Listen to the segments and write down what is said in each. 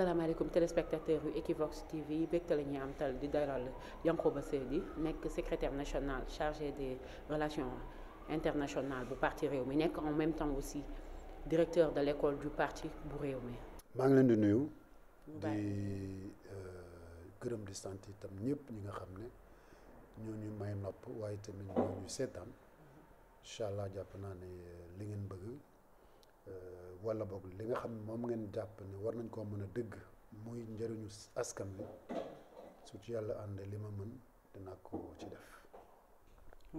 salaamaaleykum téléspectateurs yu Equivox TV bégte la ñuy am tal di dalal Yankhoba Seydi nekk secrétaire national chargé de relations internationales bu parti réew mi nekk en même temps aussi directeur de l'école du parti bu réew mi. maa ngi leen di nuyu. di euh, gërëm di sant itam ñëpp ñi nga xam ne ñoo ñu may nopp waaye tamit ñoo ñu seetaan mm-hmm. incha allah jàpp naa ne euh, li ngeen bëgg. Euh, wala boog li nga xam moom ngeen jàpp ni war nañ koo mën a dëgg muy njëriñu askan wi su ci yàlla àndee li ma mën dinaa ko ci def.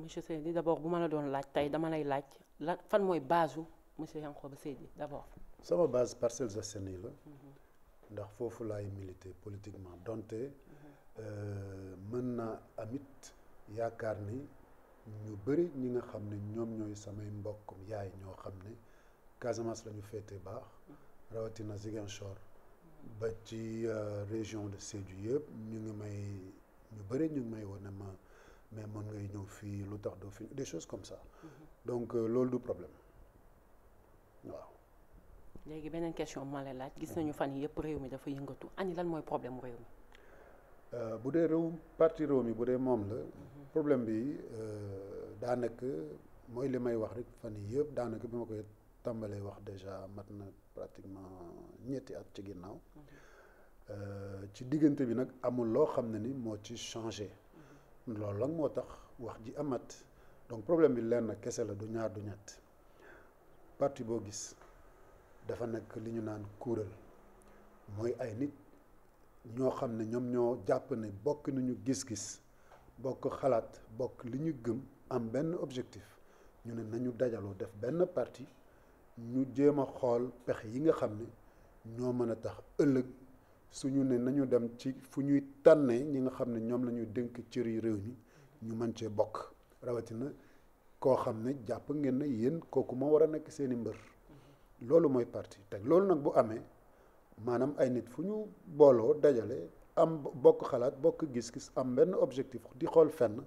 monsieur Seydi d'abord bu ma la doon laaj tey dama lay laaj la fan mooy base su monsieur Yankhoba Seydi d'abord. sama base Parcelles Assainies la. Mhm. ndax foofu laay militer politiquement donte mhm. euh, mën na amit yaakaar ni ñu bëri ñi nga xam ne ñoom ñooy samay mbokk yaay ñoo xam ne. Casamance la ñu féetee baax rawatina Ziguinchor ba ci euh, région de Sédhiou yëpp ñu ngi may ñu bëri ñu may woon ne ma mais mën ngay ñëw fii lu tax doo fi des choses comme ça mm-hmm. donc euh, loolu du problème waaw. léegi beneen question ma lay laaj gis mm-hmm. nañu fan yi yëpp réew mi dafa yëngatu ani lan mooy problème réew mi. Euh, bu dee réew parti réew mi bu dee moom la mm-hmm. problème bi daanaka mooy li may wax rek fan yii yëpp daanaka bi ma koy tàmbalee wax déjà mat na pratiquement ñetti at ci ginnaaw euh, ci diggante bi nag amul loo xam ne ni moo ci changé loolu lan moo tax wax ji amat donc problème bi leen na kese la du ñaar du ñett parti boo gis dafa nekk li ñu naan kuréel mooy ay nit ñoo xam ne ñoom ñoo jàpp ne bokk nañu gis-gis bokk xalaat bokk li ñu gëm am benn objectif ñu ne nañu dajaloo def benn parti ñu jéem a xool pexe yi nga xam ne ñoo mën a tax ëllëg suñu ne nañu dem ci fu ñuy tànnee ñi nga xam ne ñoom la ñuy dénk cër réew mi ñu mën cee bokk rawatina koo xam ne jàpp ngeen ne yéen kooku moo war a nekk seeni mbër loolu mooy parti teg loolu nag bu amee maanaam ay nit fu ñu booloo dajale am bokk xalaat bokk gis-gis am benn objectif di xool fenn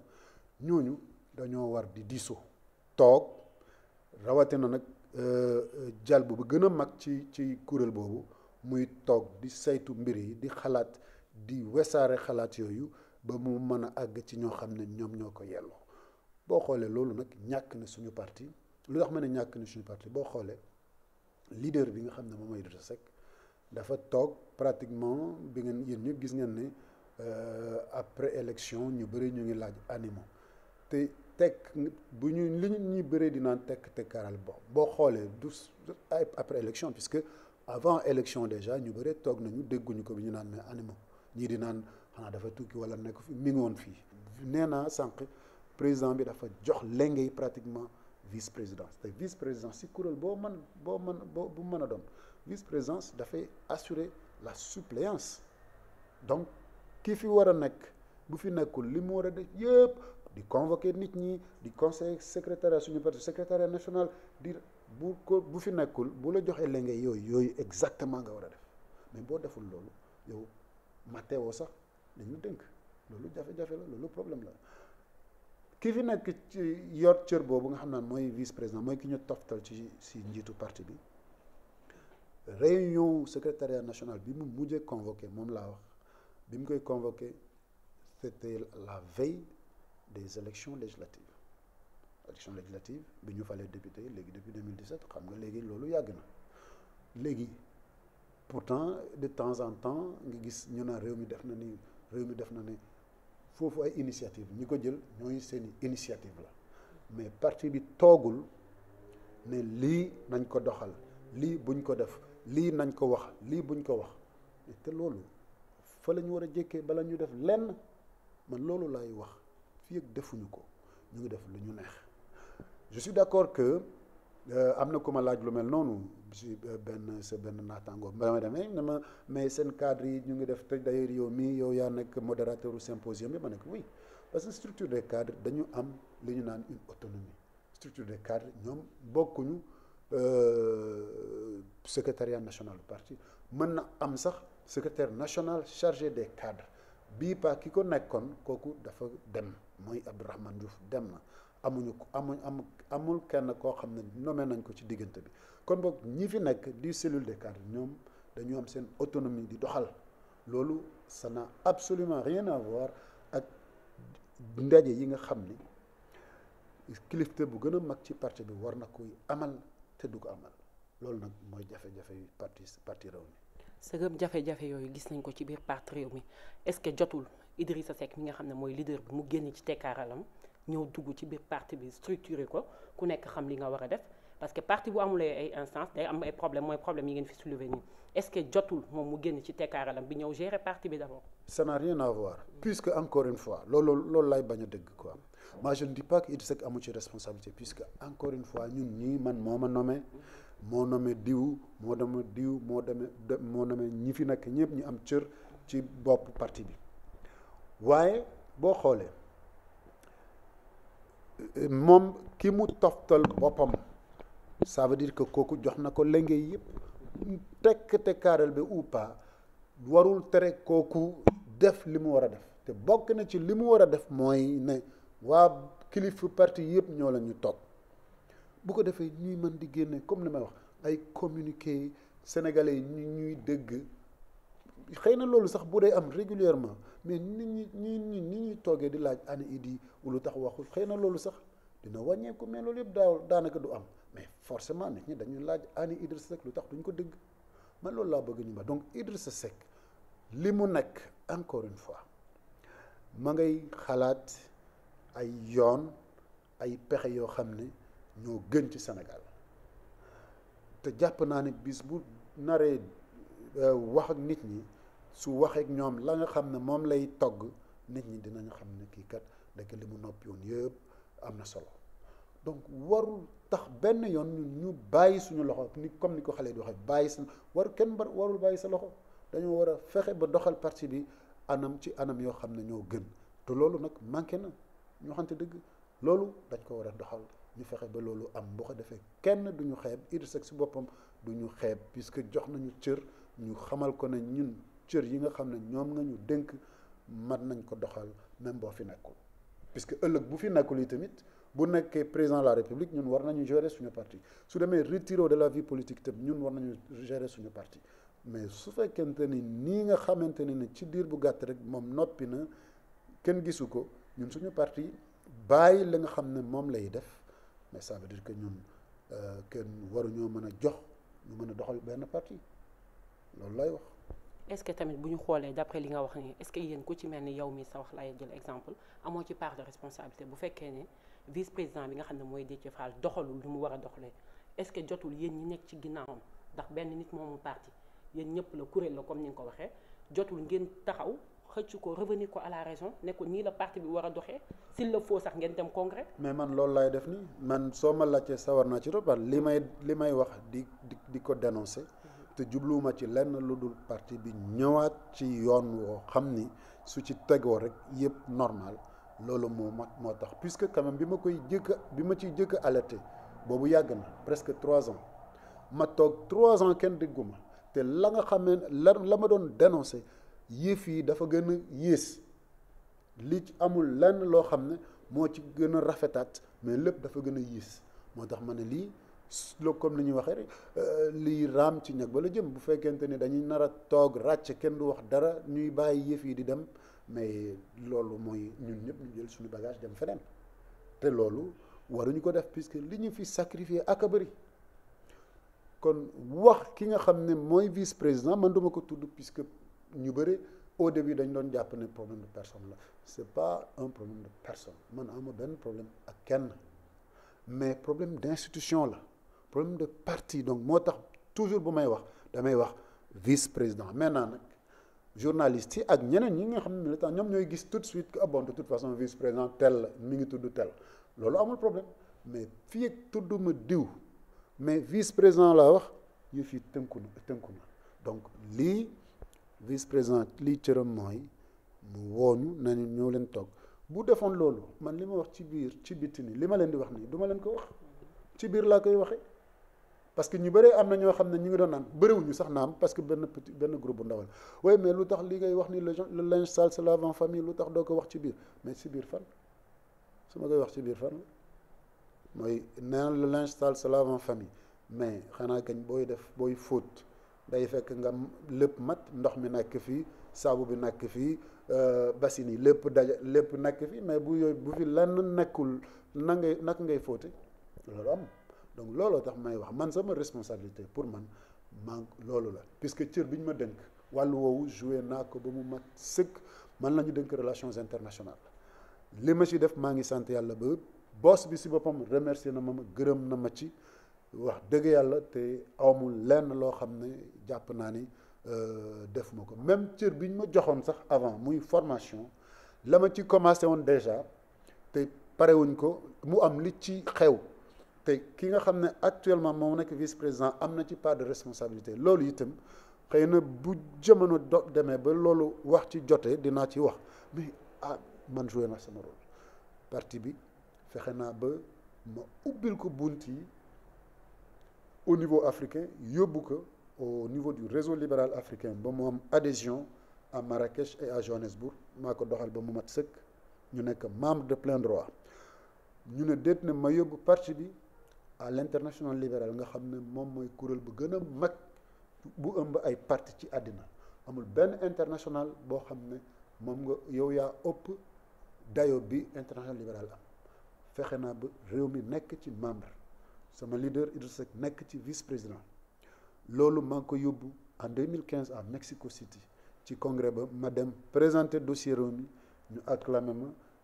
ñooñu dañoo war di diisoo toog rawatina nag jàll bu gën a mag ci ci kuréel boobu muy toog di saytu mbir yi di xalaat di wesaare xalaat yooyu ba mu mën a àgg ci ñoo xam ne ñoom ñoo ko yelloo boo xoolee loolu nag ñàkk na suñu parti lu tax ma ne ñàkk na suñu parti boo xoolee leader bi nga xam ne moom mooy Idrissa Seck dafa toog pratiquement bi ngeen yéen ñëpp gis ngeen ne euh, après élection ñu bëri ñu ngi laaj animaux tekk bu ñu li ñuy bëree dinaan tekk tekkaaral bo boo xoolee du après élection puisque avant élection déjà ñu bëree toog nañu dégguñu ko bi ñu naan mais animo ñii di naan xanaa dafa tukki wala nekk fi mi ngi woon fii nee naa sànq président bi dafa jox lenge pratiquement vice présidence te vice présidence si kuréel boo man boo mën boo bu mën a doon vice présidence dafay assurer la suppléance donc ki fi war a nekk bu fi nekkul li mu war a def yëpp di convoquer nit ñi di conseil secrétariat suñu parti secrétariat nationale di bu ko bu fi nekkul bu la joxee lenge yooyu yooyu exactement nga war a def mais boo deful loolu yow matewoo sax dañ la dénk loolu jafe-jafe la loolu problème la ki fi nekk ci yor cër boobu nga xam naan mooy vice président mooy ki ñu toftal ci si njiitu partie bi réunion secrétariat national bi mu mujjee convoqué moom laa wax bi mu koy convoqué c'était la veille des élections législatives élection législative bi ñu falee député léegi depuis 2017 xam nga léegi loolu yàgg na léegi pourtant de temps en temps nga gis ñu naan réew mi def na ni réew mi def na ni foofu ay initiative ñi ko jël ñooy seeni initiative la mais parti bi toogul ne lii nañ ko doxal lii buñ ko def lii nañ ko wax lii buñ ko wax te loolu fa la ñu war a jékkee bala ñu def lenn man loolu laay wax fii ak defuñu ko ñu ngi def lu ñu neex je suis d'accord que euh, am na ku ma laaj lu mel noonu si euh, benn sa benn naataango ma demee ne ma mais seen cadre yi ñu ngi def te d'ailleurs yow mii yow yaa nekk modérateur u symposium bi ma nekk oui parce que structure des cadres dañu am lu ñu naan une autonomie structure des cadres ñoom bokkuñu euh, secrétariat national du parti mën na am sax secretaire national chargé des cadre bi paa ki ko nekkoon kooku dafa dem mooy Abdourahmane Diouf dem na amuñu amuñ am amul kenn koo xam ne nommé nañ ko ci diggante bi kon boog ñi fi nekk di cellule de cadre ñoom dañu am seen autonomie di doxal loolu ça n'a absolument rien à voir ak ndaje yi nga xam ni kilifte bu gën a mag ci parti bi war na koy amal te du ko amal loolu nag mooy jafe-jafe yi parti parti Rewmi sëgëm jafe-jafe yooyu gis nañ ko ci biir parti Rewmi est-ce que jotul Idrissa Seck mi nga xam ne mooy leader bi mu génn ci tekkaaralam ñëw dugg ci biir parti bi structuré ko ku nekk xam li nga war a def parce que parti bu amulee ay instance day am ay problème mooy problème yi ngeen fi soulever nii est-ce que jotul moom mu génn ci tekkaaralam bi ñëw gérer parti bi d'abord. ça n'a rien à voir puisque encore une fois loolu loolu laay bañ a dëgg quoi moi je ne dis pas que amu moo nommé diw moo deme diw moo deme moo nommé ñi fi nekk ñëpp ñu am cër ci bopp parti bi waaye boo xoolee moom ki mu toftal boppam ça veut dire que kooku jox na ko lenge yëpp tekk te kaaral bi ou pas warul tere kooku def li mu war a def te bokk na ci li mu war a def mooy ne waa kilifa parti yëpp ñoo lañu ñu toog bu ko defee ñuy mën di génne comme lu may wax ay communiqué sénégalais yi ñu ñuy dégg xëy na loolu sax bu dee am régulièrement mais nit ñi ñi ñi ñuy toogee di laaj id idi lu tax waxul xëy na loolu sax dina wàññeeku mais loolu yëpp daaw daanaka du am mais forcément nit ñi dañuy laaj ana Idrissa Seck lu tax duñu ko dégg man loolu laa bëgg ñu ba donc Idrissa Seck li mu nekk encore une fois ma ngay xalaat ay yoon ay pexe yoo xam ne ñoo gën ci senegal te jàpp naa ne bis bu naree euh, wax ak nit ñi su waxeek ñoom la nga xam ne moom lay togg nit ñi dinañ xam ne kii kat ndekk li mu noppi woon yëpp am na solo donc warul tax benn yoon ñu bàyyi suñu loxo ni comme ni ko xale di waxee bàyyi suñu war kenn ba warul bàyyi sa loxo dañoo war a fexe ba doxal parti bi anam ci anam yoo xam ne ñoo gën te loolu nag manqué na ñoo xam xamante dëgg loolu dañ ko war a doxal ñu fexe ba loolu am boo ko defee kenn du ñu xeeb Idrissa Seck si boppam du ñu xeeb puisque jox nañu cër ñu xamal ko ne ñun cër yi nga xam ne ñoom nga ñu dénk mat nañ ko doxal même boo fi nekkul puisque ëllëg bu fi nekkul yi tamit bu nekkee président de la république ñun war nañu gérer suñu parti su demee retiré de la vie politique tam ñun war nañu gérer suñu parti mais su fekkente ni nii nga xamante ni ne ci diir bu gàtt rek moom noppi na kenn gisu ko ñun suñu parti bàyyi la nga xam ne moom lay def mais ça veut dire que ñun euh, kenn waruñoo mën a jox ñu mën a doxal benn parti loolu lay wax. est-ce que tamit bu ñu xoolee d'après li nga wax nii est-ce que yéen ku ci mel ni yow mii sa wax laay jël exemple amoo ci part de responsabilité bu fekkee ne vice-président bi nga xam ne mooy Déthié Fall doxalul lu mu war a doxalee est-ce que jotul yéen ñi nekk ci ginnaawam ndax benn nit moomu parti yéen ñëpp la kuréel la comme ni nga ko waxee jotul ngeen taxaw. xëcc ko revenir ko à la raison ne ko nii la parti bi war a doxee s'il le faut sax ngeen dem congrès mais man loolu laay def nii man soo ma laajtee sawar naa ci toppal li may li may wax di di di ko dénoncer te jubluwuma ci lenn lu dul parti bi ñëwaat ci yoon woo xam ni su ci tegoo rek yëpp normal loolu moo moo tax puisque quand même bi ma koy jëkk bi ma ciy jëkk alerté boobu yàgg na presque trois ans ma toog trois ans kenn dégguma te la nga xamee la la ma doon dénoncé yëf yi dafa gën a yées li ci amul lenn loo xam ne moo ci gën a rafetaat mais lépp dafa gën a yées moo tax ma ne lii loo comme ni ñuy waxee rek euh, lii raam ci ñag bala jëm bu fekkente ni dañuy nar a toog ràcc kenn du wax dara ñuy bàyyi yëf yi di dem mais loolu mooy ñun ñëpp ñu jël suñu bagage dem feneen te loolu waruñu ko def puisque li ñu fi sacrifié ak a bëri kon wax ki nga xam ne mooy vice président man duma ko tudd puisque ñu bëri au début dañ doon jàpp ne problème de personne la c'est pas un problème de personne man ama benn problème ak kenn mais problème d'institution la problème de parti donc moo tax toujours bu may wax damay wax vice-président maintenant nag journalistes yi ak ñeneen ñi nga xam ne temps ñoom ñooy gis tout de suite que ah bon de toute façon vice-président tel la mi ngi tudd tel loolu amul problème mais fii ak tudduma diw mais vice-président laa wax yëf yi tënku tënku vice président lii cëram mooy mu wooñu nañu ñëw leen toog bu defoon loolu man li ma wax ci biir ci bitti nii li ma leen di wax nii duma leen ko wax ci biir laa koy waxee parce que ñu bëree am na ñoo xam ne ñu ngi doon naan bëriwuñu sax naam parce que benn petit benn groupe bu ndawal waaye mais lu tax li ngay wax ni le linge sale se lave en famille lu tax doo ko wax ci biir mais ci biir fan su ma koy wax ci biir fan mooy neen le linge sale se lave mais xanaa kañ booy def booy fóot day fekk nga lépp mat ndox mi nekk fii saabu bi nekk fii euh, basin yi lépp daja lépp nekk fii mais bu yooyu bu fi lenn nekkul na ngay nak ngay fóote loolu am donc looloo tax may wax man sama responsabilité pour man man loolu la puisque cër bi ñu ma dënk wàll woowu joué naa ko ba mu mat sëkk man la ñu dënk relations internationales li ma ci def maa ngi sant yàlla ba boss bi si boppam remercier na ma ma gërëm na ma ci wax dëgg yàlla te amul lenn loo xam ne jàpp naa ni euh, defuma ko même cër bi ñu ma joxoon sax avant muy formation la ma ci commencé woon déjà te parewuñ ko mu am li ci xew te ki nga xam ne actuellement moom nekk vice président am na ci part de responsabilité loolu itam xëy na bu jamono demee ba loolu wax ci jotee dinaa ci wax mais ah man joué na sama rôle parti bi fexe naa ba ma ubbil ko bunt yi au niveau africain yóbbu ko au niveau du réseau libéral africain ba mu am adhésion a Marrakech et à Johannesburg maa ko doxal ba mu mat sëkk ñu nekk membre de plein droit ñu ne déet na ma yóbbu parti bi à l'international libéral nga xam ne moom mooy kuréel bu gën a mag bu ëmb ay parti ci àddina amul benn international boo xam ne moom nga yow yaa ëpp dayo bi international libéral am fexe naa ba réew mi nekk ci membre sama leader Idrissa Seck nekk ci vice président loolu maa ngi ko yóbbu en 2015 à Mexico City ci congrès ba ma dem présenter dossier réew mi ñu acclamé ma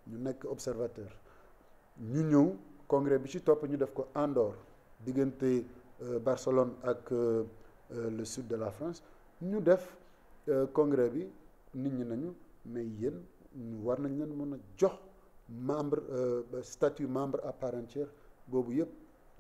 ñu nekk observateur ñu ñëw congrès bi ci topp ñu def ko Andorre diggante euh, Barcelone ak euh, euh, le sud de la France ñu def congrès bi nit ñi nañu mais yéen ñu war nañ leen mën a jox membre statut membre à part boobu yëpp.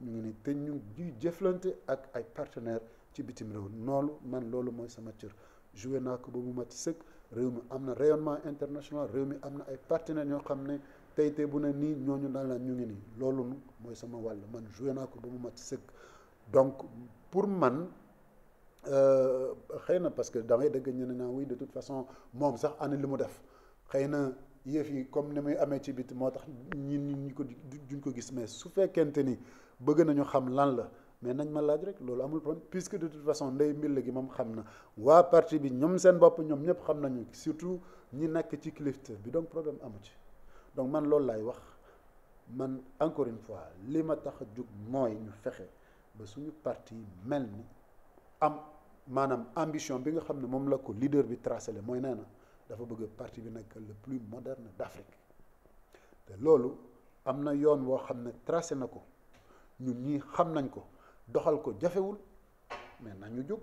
ñu ngi ni te ñu ñuy jëflante ak ay partenaires ci bitim réew noolu man loolu mooy sama cër joué naa ko ba mu mat sëkk réew mi am na rayonnement international réew mi am na ay partenaires ñoo xam ne tey tey bu ne nii ñoo ñu daal la ñu ngi nii loolu mooy sama wàll man joué naa ko ba mu mat sëkk donc pour man euh, xëy na parce que da ngay dëgg ñeneen naa oui de toute façon moom sax ana li mu def xëy na. yëf yi comme ni muy amee ci bit moo tax ñi ñi ko di duñ ko gis mais su fekkente ni bëgg nañu xam lan la mais nañ ma laaj rek loolu amul problème puisque de toute façon ndey mbir gi moom xam na waa parti bi ñoom seen bopp ñoom ñëpp xam nañu surtout ñi nakk ci kilifte bi donc problème amu ci donc man loolu laay wax man encore une fois li ma tax a jug mooy ñu fexe ba suñu parti mel ni am maanaam ambition bi nga xam ne moom la ko leader bi tracé mooy nee na dafa bëgg parti bi nag le plus moderne d'Afrique te loolu am na yoon woo xam ne tracé na ko ñu ñii xam nañ ko doxal ko jafewul mais nañu jóg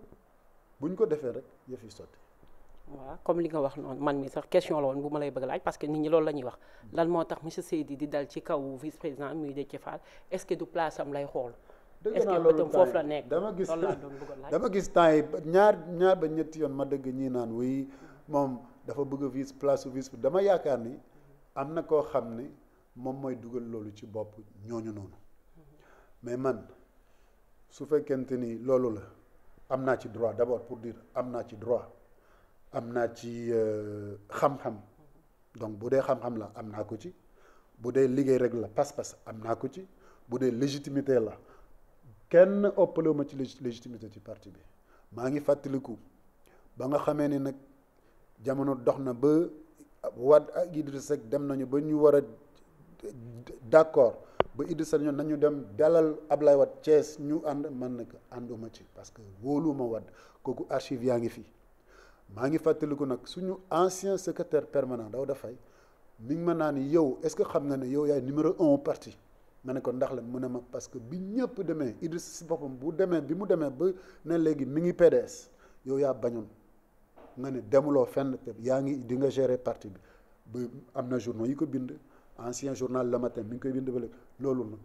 buñ ko defee rek yëf yi sotti. waaw comme li nga wax noonu man mi sax question la woon bu ma lay bëgg laaj parce que nit ñi loolu la ñuy wax hmm. lan moo tax monsieur Seydi di dal ci kaw vice président muy Déthié Fall est que du place am lay xool. dëgg naa loolu foofu la nekk dama gis dama gis temps ñaar ñaar ba ñetti yoon ma dëgg ñii naan wuy hmm. moom. dafa bëgg a vice place su vice dama yaakaar ni am na koo xam ne moom mooy dugal loolu ci bopp ñooñu noonu mais man su fekkente ni loolu la am naa ci droit d'abord pour dire am naa ci droit am naa ci euh, xam-xam donc bu dee xam-xam la am naa ko ci bu dee liggéey rek la pas-pas am naa ko ci bu dee légitimité la kenn ëppalewuma ci légitimité ci parti bi maa ngi fàttaliku ba nga xamee ni nag. jamono dox na ba Wade ak Idrissa Seck dem nañu ba ñu war a d'accord ba Idrissa ñoom nañu dem dalal Ablaye Wade cees ñu ànd man nag ànduma ci parce que ma Wade kooku archive yaa ngi fi maa ngi fàttaliku nag suñu ancien secrétaire permanent Daouda Faye mi ngi ma naa ni yow est-ce que xam nga ne yow yaay numéro un parti ma ne ko ndax la mu ne ma parce que bi ñëpp demee Idrissa si boppam bu demee bi mu demee ba ne léegi mi ngi PDS yow yaa bañoon nga ne demuloo fenn te yaa ngi di nga gérer parti bi ba am na journaux yi ko bind ancien journal Le Matin mi ngi koy bind ba léegi loolu na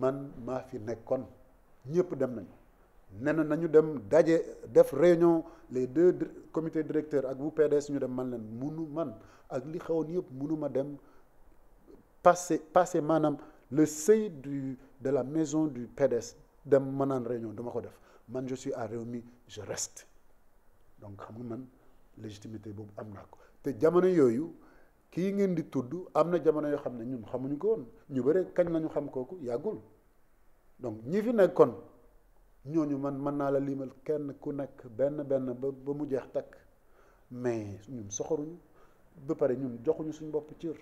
man maa fi nekkoon ñëpp dem nañu nen nañu dem daje def réunion les deux comités directeur ak bu PDS ñu dem man leen munu man ak li xewoon yëpp munuma dem passé passé maanaam le seuil du de la maison du PDS dem ma naan réunion duma ko def man je suis à Rewmi je reste donc xam légitimité boobu am naa ko te jamono yooyu kii ngeen di tudd am na jamono yoo xam ne ñun xamuñu ko woon ñu bëre kañ lañu xam kooku yàggul donc ñi fi nekkoon ñooñu man mën naa la limal kenn ku nekk benn benn ba ba mu jeex takk mais ñun soxoruñu ba pare ñun joxuñu suñu bopp cër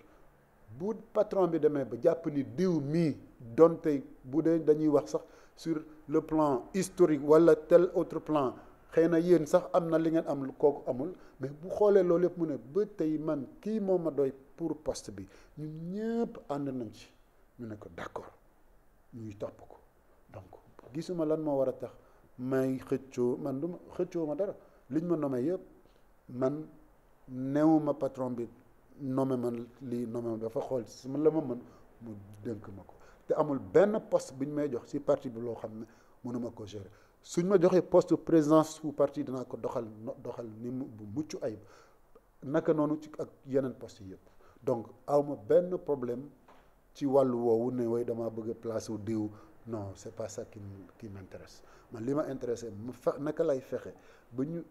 bu patron bi demee ba jàpp ni diw mii donte bu dee dañuy wax sax sur le plan historique walla tel autre plan xëy na yéen sax am na li ngeen am kooku amul mais bu xoolee loolu yëpp mu ne ba tey man kii moom ma doy pour post bi ñu ñëpp ànd nañ ci ñu ne ko d'accord ñuy topp ko donc gisuma lan moo war a tax may xëccoo man du ma xëccoo ma dara liñ ma nome yëpp man newuma patron bi nommé man lii nommé ma dafa xool ci si ma la ma mën mu dënk ma ko te amul benn poste bu ñu may jox si parti bi loo xam ne mënuma ko gérer suñ ma joxee poste présidence su partie dinaa ko doxal doxal ni mu bu mucc ayib naka noonu ci ak yeneen poste yëpp donc awma benn problème ci wàll woowu ne way damaa bëgg a place wu diw non c'est pas ça qui qui m'intéresse man li ma intéressé mu fa naka lay fexe ba ñu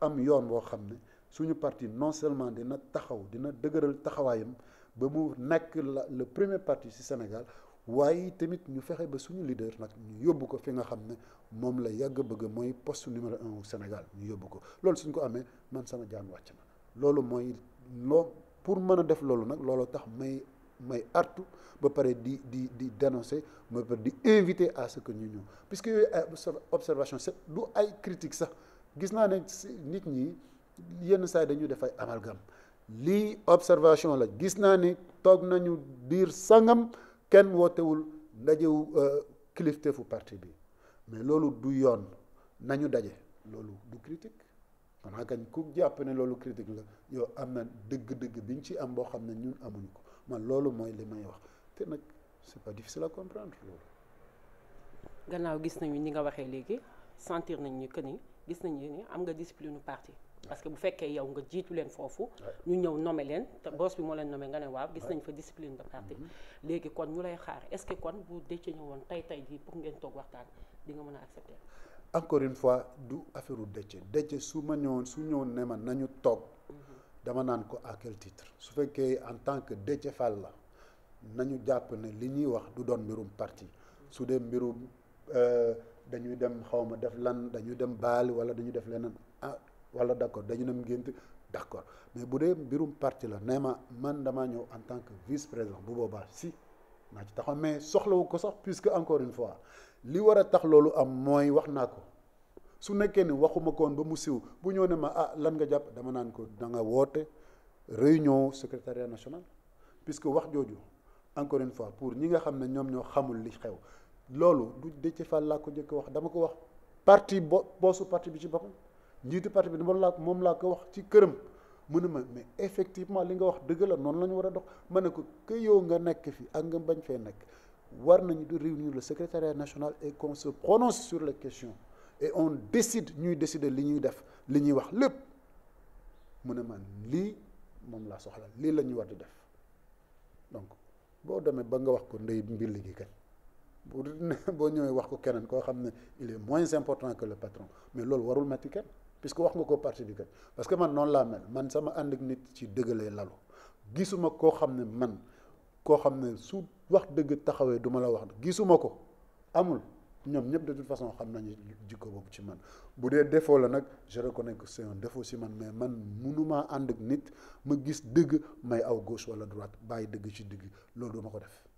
am yoon boo xam ne suñu partie non seulement dina taxaw dina dëgëral taxawaayam ba mu nekk la premier partie ci Sénégal waaye tamit ñu fexe ba suñu leader nag ñu yóbbu ko fi nga xam ne moom la yàgg bëgg mooy poste numéro un Sénégal ñu yóbbu ko loolu suñ ko amee man sama jaan wàcc na loolu mooy loo pour mën a def loolu nag looloo tax may may artu ba pare di di di dénoncer ba pare di invité à ce que ñu ñëw puisque yooyu ay observation c'est du ay critique sax gis naa ne nit ñi yenn saa yi dañuy def ay amalgame lii observation la gis naa ne toog nañu biir sangam. kenn wootewul ndajewu euh, kilifteefu parti bi mais loolu du yoon nañu daje loolu du critique xanaa kañ ku jàpp ne loolu critique la yow am na dëgg-dëgg bi ñu ci am boo xam ne ñun amuñu ko man loolu mooy li may wax te nag c'est pas difficile à comprendre loolu. gannaaw gis nañu ni nga waxee léegi sentir nañ ni que ni gis nañu ni am nga discipline parti. parce que bu fekkee yow nga jiitu leen foofu ñu ñëw nommé leen te boss bi moo leen nommé nga ne waaw gis nañ fa discipline de parti mm-hmm. léegi kon ñu lay xaar est-ce que kon bu dëcc ñëwoon tey tey jii pour ngeen toog waxtaan di nga mën a accepter encore une fois du affaire u dëcc dëcc su ma ñëwoon su ñëwoon ne ma nañu toog mm-hmm. dama naan ko à quel titre su fekkee en tant que Déthié Fall la nañu jàpp ne li ñuy wax du doon mbirum parti mm-hmm. su dee mbirum euh, dañuy dem xaw ma def lan dañuy dem baali wala dañuy def leneen wala d' accord dañu ne ngént d' accord mais bu dee mbirum parti la nee ma man damaa ñëw en tant que vice président bu boobaa si naa ci taxaw mais soxlawu ko sax puisque encore une fois li war a tax loolu am mooy wax naa ko su nekkee ni waxuma koon ba mu siw bu ñëw ne ma ah lan nga jàpp dama naan ko da nga woote réunion secrétariat national puisque wax jooju encore une fois pour ñi nga xam ne ñoom ñoo xamul li xew loolu du Déthié Fall laa ko njëkk wax dama ko wax parti bo boosu parti bi ci boppam njiitu parti bi dama laa moom laa ko wax ci këram mu ne ma mais effectivement li nga wax dëgg la noonu la ñu war a dox ma ne ko que yow nga nekk fii ak nga bañ fee nekk war nañu di réunir le secrétariat national et qu'on se prononce sur les question et on décide ñuy décider li ñuy def li ñuy wax lépp mu ne man lii moom laa soxla lii la ñu war di def donc boo demee ba nga wax ko ndey mbir gi du bu boo ñëwee wax ko keneen koo xam ne il est moins important que le mais loolu warul metti puisque wax nga ko parti du cœur parce que man noonu laa mel man sama ànd ak nit ci dëgg lay lalu gisuma koo xam ne man koo xam ne su wax dëgg taxawee duma la wax gisuma ko amul ñoom ñëpp de toute façon xam nañu jikko boobu ci man bu dee défaut la nag je reconnais que c'est un défaut si man mais man mënumaa ànd ak nit ma gis dëgg may aw gauche wala droite bàyyi dëgg ci dëgg loolu duma ko def